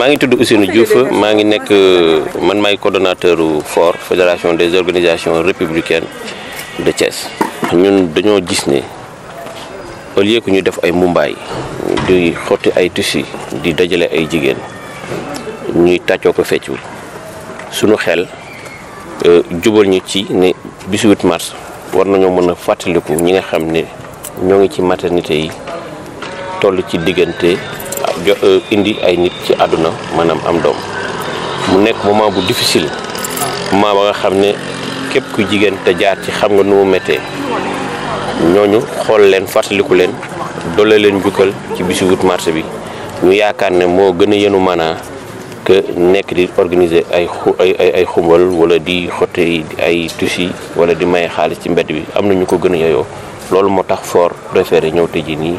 maa ngi tudd Ousseynou Diouf maa ngi nekk euh, man maay coordonnateur FOR fédération des organisations républicain de Thiès. ñun dañoo gis ne au lieu que ñu def ay mumbaay di xotti ay tissus di dajale ay jigéen ñuy tàccoo ko feccul sunu xel euh, jubal ñu ci ne 18 mars war nañoo mën a fàttaliku ñi nga xam ne ñoo ngi ci maternité yi toll ci diggante. jo euh, indi ay nit ci àdduna maanaam am doom mu nekk moment bu difficile moment ba nga xam ne képp ku jigéen te jaar ci xam nga nu mu méttee ñooñu xool leen fàttaliku leen doole leen njukkal ci bisu wut marché bi ñu yaakaar ne moo gën a yenu maanaa que nekk di organiser ay xu ay ay xumbal wala di xotte ay tusi wala di maye xaalis ci mbedd bi am na ñu ko gën a yeyoo loolu moo tax for préféré ñëw ji nii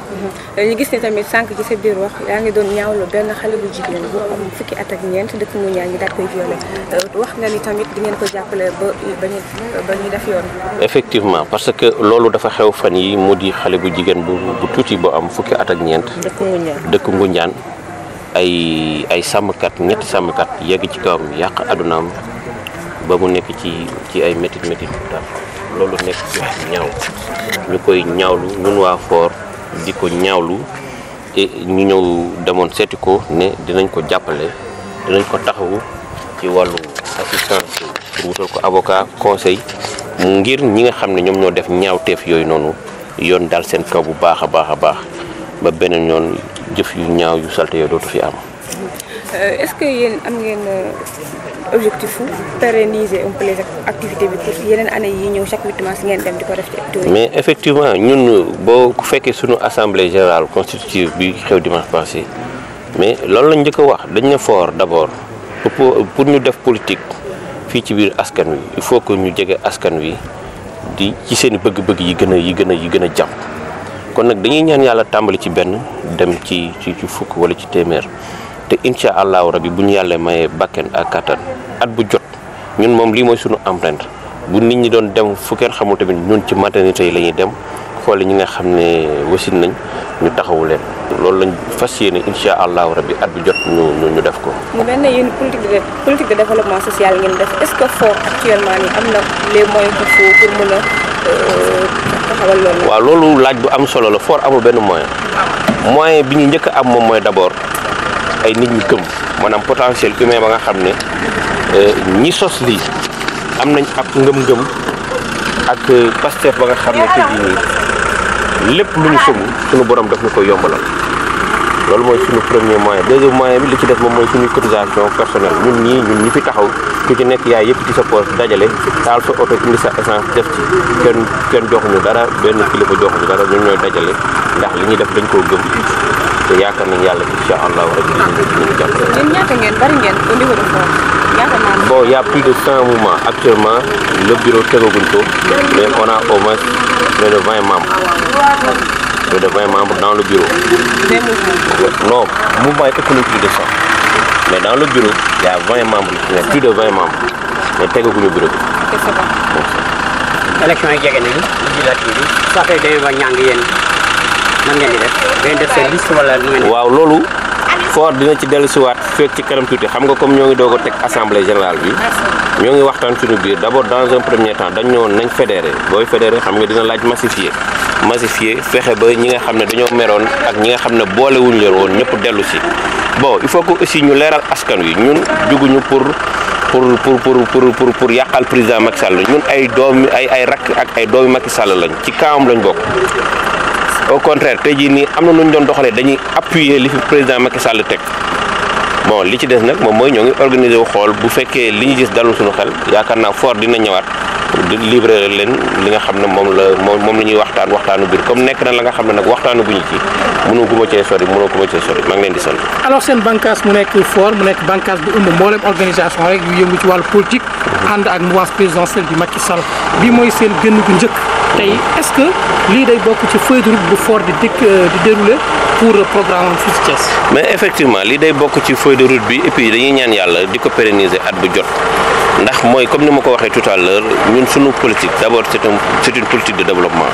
ñu gis ne tamit sànq ci sa biir wax yaa ngi doon ñaawlu benn xale bu jigéen bu am fukki at ak ñeent dëkk mu ñaa ngi daal koy violé euh, wax nga ni tamit di ngeen ko jàppale ba ba ñu ba ñu def yoon effectivement parce que loolu dafa xew fan yi mu di xale bu jigéen bu bu tuuti bu am fukki at ak ñeent dëkk ngunjaan ay ay sàmmkat ñetti sàmmkat yegg ci kawam yàq adunaam ba mu nekk ci ci ay métit métit loolu nekk ñaaw ñu koy ñaawlu ñun waa fort di ko ñaawlu et ñu ñëw demoon seeti ko ne dinañ ko jàppale dinañ ko taxawu ci wàllu assistance pour wutal ko aboka conseil ngir ñi nga xam ne ñoom ñoo def ñaawteef yooyu noonu yoon daal seen kaw bu baax a baax a baax ba beneen yoon jëf yu ñaaw yu salte yooyu dootu fi am. Euh, est-ce am ngeen. Euh, objectif yi ñëw mais effectivement ñun boo ku fekkee suñu assemblée générale constitutive bi xew dimanche passé mais loolu lañ njëkk a wax dañ ne fort d'abord pour ñu def politique fii ci biir askan wi il faut que ñu jege askan wi di ci seen bëgg-bëgg yi gën yi gën a yi gën a jàpp kon nag dañuy ñaan yàlla tàmbali ci benn dem ci ci fukk wala ci téeméer te insha allahu rabbi bu ñu yàlla mayee bakken ak at bu jot ñun moom lii mooy sunu empreinte bu nit ñi doon dem fu kenn xamul tamit ñun ci maternité yi dem xool ñi nga xam ne wasin nañ ñu taxawu leen loolu lañ fas insha allah rabbi at bu jot ñu ñu def ko. mu mel ne yéen politique de politique de développement social ngeen def est ce que fort actuellement ni am les moyens pour pour mën euh, taxawal loolu. waaw loolu laaj bu am solo la fort amul benn moyen ah. moyen bi ñu njëkk am moom mooy d' ay nit ñu gëm maanaam potentiel humain ba nga xam ne euh, ñi sos lii am nañ ab ngëm-ngëm ak euh, pastef ba nga xam ne tëj nii lépp lu ñu sumb suñu borom daf ñu koy yombalal loolu mooy suñu premier moyen deuxième moyen bi li ci def moom mooy suñu cotisation personnelle ñun ñii ñun ñi fi taxaw ku ci nekk yaay yëpp ci sa poche dajale taal sa oto indi sa essence def ci kenn kenn joxuñu dara benn kilifa joxuñu dara ñun ñooy dajale ndax li ñuy def dañ koo gëm te yaakaar nañu yàlla incha allahu rabi dinañu dinañu jàppale. ñun ñaata ngeen bari ngeen au de force yaakaar bon y' a plus de cent mouvements actuellement le bureau tegaguñ ko mais on a au moins de vingt membres. près de vingt membres dans le bureau. vingt membres. non mouvement yi ëpp nañ plus de cent mais dans le bureau y' a vingt membres mais plus de vingt membres mais tegaguñu bureau bi. ok c'est bon. yi jege nañu législative bi. saa ba ñàng yéen. man ngeen di def ngeen def seen liste wala nu ngeen waaw loolu fort dina ci delu siwaat fek ci kanam tuuti xam nga comme ñoo ngi doog a teg assemblée générale bi ñoo ngi waxtaan suñu biir d' abord dans un premier temps dañ ñëwoon nañ fédéré booy fédéré xam nga dina laaj massifié massifié fexe ba ñi nga xam ne dañoo meroon ak ñi nga xam ne boole wuñ leen woon ñëpp dellu si bon il faut que aussi ñu leeral askan wi ñun juguñu pour pour pour pour pour pour pour yakal président Macky Sall ñun ay doom ay ay rak ak ay doomi Macky Sall lañ ci kaam lañ bok au contraire tey jii nii am na nu ñu doon doxalee dañuy appuyer li fi président Macky Sall teg bon li ci des nag moom mooy ñoo ngi organiser wu xool bu fekkee li ñu gis dalul suñu xel yaakaar naa fort dina ñëwaat di leen li nga xam ne moom la moom la ñuy waxtaan waxtaanu biir comme nekk na la nga xam ne nag waxtaanu guñu ci mënoo guma cee sori mënoo guma cee sori maa ngi leen di sant. alors seen bànqaas mu nekk fort mu nekk bànqaas bu ëmb mboolem bi mooy seen gënn gu njëkk. tey est-ce que lii day bokk ci feuille de route bu fort di euh, di déroulé pour programme fii ci mais effectivement lii day bokk ci feuille de route bi et puis dañuy ñaan yàlla di ko pérenniser at bu jot ndax mooy comme ni ma ko waxee tout à l'heure ñun suñu politique d'abord c'est un c'est une politique de développement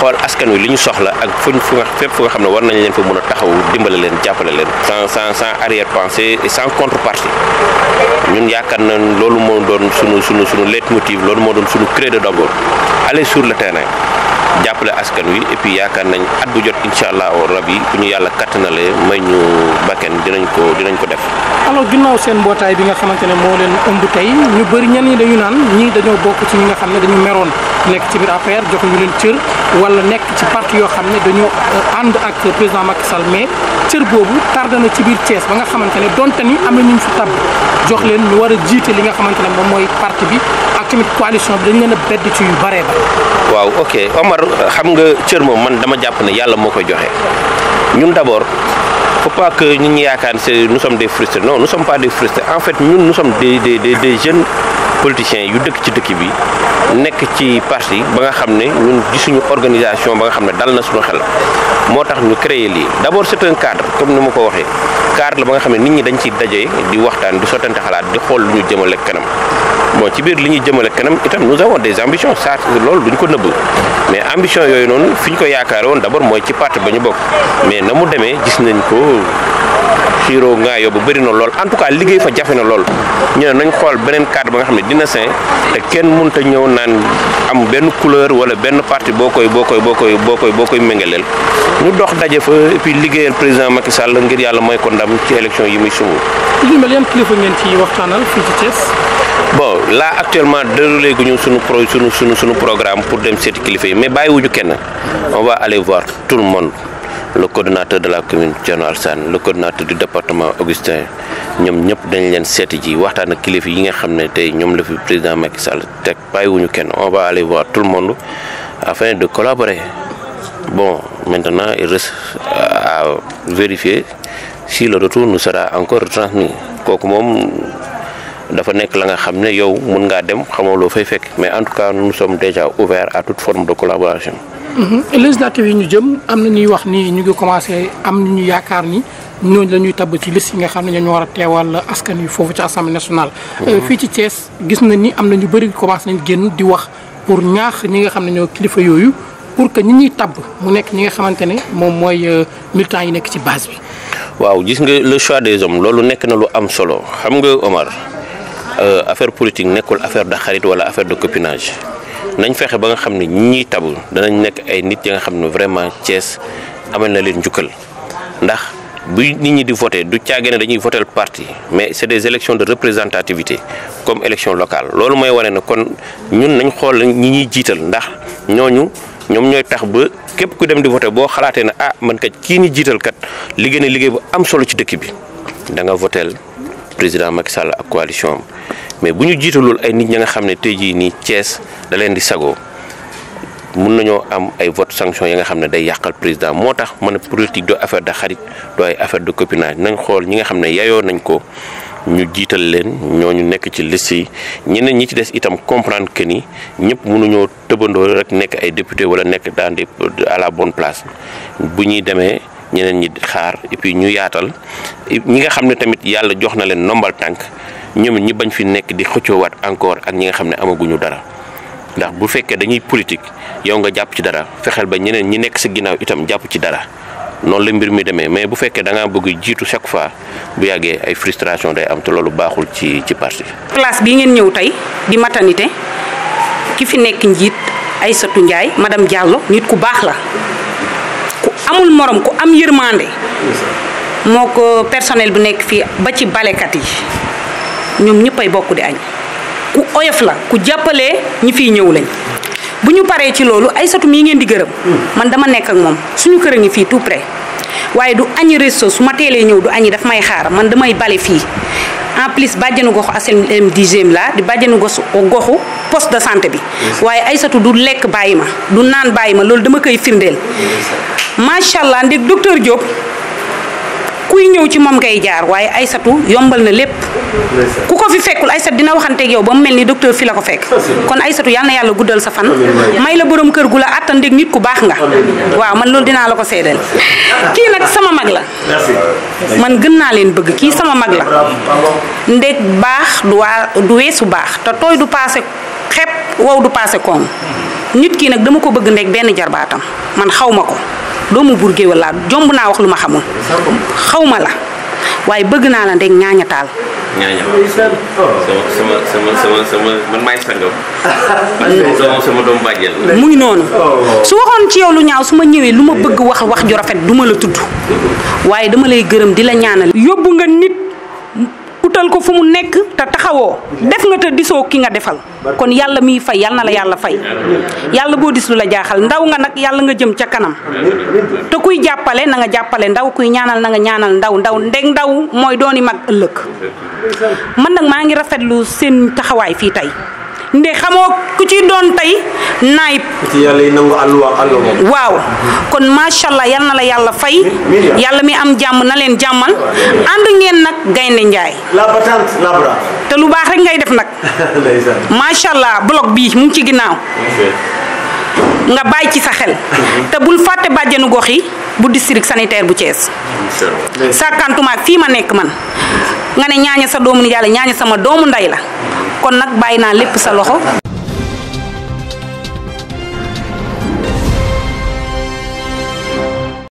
xool askan wi li soxla ak fuñ fu nga fépp fu nga xam war nañ leen fa mën taxaw dimbale leen jàppale leen sans sans sans arrière pensée et sans contrepartie ñun loolu doon sunu sunu sunu leitmotiv loolu moo doon sunu créé de dogo aller sur le terrain jàppale askan wi et puis yaakaar nañ at bu jot insha allah rabi bu ñu yàlla kattanale may ñu bakken dinañ ko dinañ ko def alors ginnaaw seen mbootaay bi nga xamante ne leen ëmb ñu ñi dañu naan ci nga dañu nekk ci biir jox joxuñu leen cër wala nekk ci parti yoo xam ne dañoo euh, ànd ak président Macky Sall mais cër boobu tardé na ci biir Thiès ba nga xamante ne donte ni am na ñu fi tab jox leen ñu war a jiite li nga xamante ne moom mooy parti bi ak tamit coalition bi dañ leen a bedd ci yu baree ba. waaw ok Omar xam nga cër moom man dama jàpp ne yàlla moo koy joxe ñun d'abord. faut pas que ñu yaakaar c'est nous sommes des frustrés non nous sommes pas des frustrés en fait ñun nous sommes des des jeunes politiciens yu dëkk ci dëkk bi nekk ci parti ba nga xam ne ñun gisuñu organisation ba nga xam ne dal na suñu xel moo tax ñu créé lii d'abord c'est cadre comme ni ma ko waxee cadre la ba nga xam ne nit ñi dañ ciy daje di waxtaan di sottante xalaat di xool lu ñu jëmale kanam moo ci biir li ñuy jëmale kanam itam nous avons des ambitions ça loolu duñ ko nëbb mais ambition yooyu noonu fi ñu ko yaakaar woon d'abord mooy ci parti ba ñu bokk mais na mu ko xiiroo ngaayoo bu bëri na lool en tout cas liggéey fa jafe lool ñu ne nañ xool beneen cadre ba nga xam ne dina sain te kenn mun ta ñëw naan am benn couleur wala benn parti boo koy boo koy boo koy boo koy boo koy méngaleel ñu dox daje fa et puis liggéeyal président Macky Sall ngir yàlla mooy ko ndam ci élection yi muy sumb. li kilifa ngeen ci waxtaanal fii ci Thiès. bon là actuellement déroulé gu ñu suñu pro suñu suñu suñu programme pour dem seeti kilifa yi mais bàyyi bàyyiwuñu kenn on va aller voir tout le monde. le coordonnateur de la commune Thierno Alsane le coordonnateur du département Augustin ñoom ñëpp dañ leen seeti ji waxtaan ak kilifa yi nga xam ne tey ñoom la fi président Macky Sall teg bàyyiwuñu kenn on va aller voir tout le monde afin de collaborer bon maintenant il reste à vérifier si le retour nous sera encore transmis kooku moom dafa nekk la nga xam ne yow mun ngaa dem xamoo loo fay fekk mais en tout cas nous sommes déjà ouverts à toute forme de collaboration. Mhm. législative yi ñu jëm am na ñuy wax nii ñu ngi commencé am ñu yaakaar ni ñooñu la ñuy tabb ci liste yi nga xam ne ñoo war a teewal askan wi foofu ci assemblée national mhm. euh, fii ci Thiès gis na ni am na ñu bëri commencé nañ génn di wax pour ñaax ñi xam ne ñoo kilifa yooyu pour que ñi ñuy tabb mu nekk ñi nga xamante ne moom mooy euh, militants yi nekk ci base bi. waaw gis nga le choix des hommes loolu nekk na lu am solo xam nga Omar euh, affaire politique nekkul affaire de xarit wala affaire de copinage. nañ fexe ba nga xam ne ñii tabul danañ nekk ay nit ya nga xam ne vraiment Thiès amal na leen njukkal ndax bu nit ñi di voté du caage ne dañuy votel parti mais c'est des élections de représentativité comme élection locale loolu mooy wane na kon ñun nañ xool nañ ñi ñuy jiital ndax ñooñu ñoom ñooy tax ba képp ku dem di voté boo xalaatee na ah man kat kii ni jiital kat liggéey na liggéey bu am solo ci dëkk bi da nga votel président Macky Sall ak coalition am mais bu ñu jiitalul ay nit ñi nga xam ne tey jii nii Thiès da leen di sago mun nañoo am ay vote sanction yi nga xam ne day yàqal président moo tax ma ne politique doo affaire de xarit doo ay affaire de copinage nañ xool ñi nga xam ne yayoo nañ ko ñu jiital leen ñoo ñu nekk ci liste yi ñeneen ñi ci des itam comprendre que ni ñëpp mënuñoo tëbandoo rek nekk ay député wala nekk dans des à la bonne place bu ñuy demee. ñeneen ñi xaar et ñu yaatal ñi nga xam ne tamit yàlla jox na leen nombal tànk ñoom ñi bañ fi nekk di xëccoowaat encore ak ñi nga xam ne amaguñu dara ndax bu fekkee dañuy politique yow nga jàpp ci dara fexeel ba ñeneen ñi nekk sa ginnaaw itam jàpp ci dara noonu la mbir mi demee mais bu fekkee danga bëgg jiitu chaque fois bu yàggee ay frustration day am te loolu baaxul ci ci parti. place bii ngeen ñëw tey di maternité ki fi nekk njiit Aïssatou Ndiaye madame Diallo nit ku baax la. amul moroom ku am yërmande moo ko personnel bu nekk fii ba ci balekat yi ñoom ñëppay bokk di añ ku oyof la ku jàppalee ñi fiy ñëw lañ bu ñu paree ci loolu ay Aysatu mii ngeen di gërëm man dama nekk ak moom suñu kër a ngi fii tout près waaye du añ resto su ma teelee ñëw du añi daf may xaar man damay bale fii en plus bàjjenu goxu aslm dixième la di bàjjenu goxu goxu poste de santé bi waaye ay Aysatu du lekk bàyyi ma du naan bàyyi ma loolu dama koy firndeel macha allah ndig docteur Diop kuy ñëw ci moom ngay jaar waaye Aysatu yombal na lépp ku ko fi fekkul Aysatu dina waxanteek yow ba mu mel ni docteur fii la ko fekk kon Aysatu yal na yàlla guddal sa fan may la boroom kër gu la àttan ndég nit ku baax nga waaw man loolu dinaa la ko seedeel kii nag sama mag la man gën naa leen bëgg kii sama mag la ndég baax du waa du weesu baax te tooy du paase xepp wow du paase koom nit kii nag dama ko bëgg ndég benn jarbaatam man xaw ma ko doomu burgé wala jomb naa wax lu xamul xawma la waaye bëgg naa la ndeg ñaañataal ñaaña sama sama sama sama sama man maay sangam man sama sama doom bàjjel mu ngi noonu oh. su waxoon ci yow lu ñaaw su ma ñëwee bëgg wax wax ju rafet duma la tudd waaye dama lay gërëm di ñaanal yóbbu nga nit utal ko fu mu nekk te taxawoo def nga te disoo ki nga defal kon yàlla miy fay yàlla na la yàlla fay yàlla boo dis lu la jaaxal ndaw nga nag yàlla nga jëm ca kanam te kuy jàppale na nga jàppale ndaw kuy ñaanal na nga ñaanal ndaw ndaw ndeg ndaw mooy dooni mag ëllëg mën nag maa ngi rafetlu seen taxawaay fii tey nde xamoo ku ci doon tey naib waaw kon machallah yal na la yàlla fay yàlla mi am jàmm na leen jàmmal ànd ngeen nag gaynde njaay te lu baax rek ngay def nag machallah blog bi mu ngi ci ginnaaw nga bàyyi ci sa xel mhm. te bul fàtte bàjjenu gox yi bu district sanitaire bu Thiès sàkkantuma fii ma nekk man nga ne ñaaña sa doomu nijaay la ñaaña sama doomu ndey la kon nag bàyyi naa lépp sa loxo